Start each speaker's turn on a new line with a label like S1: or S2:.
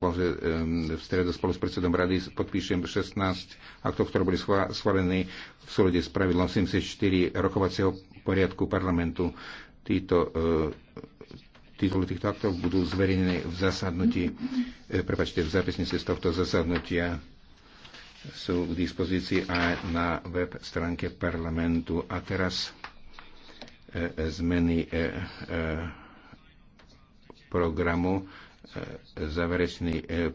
S1: v stredu spolu s predsedom rady podpíšem 16 aktov, ktoré boli schválené v súlede s pravidlom 74 rokovacieho poriadku parlamentu. Títo, e, tituly týchto aktov budú zverejnené v zasadnutí, e, prepačte, v zápisnici z tohto zasadnutia sú k dispozícii aj na web stránke parlamentu. A teraz e, zmeny programu e, záverečný
S2: e,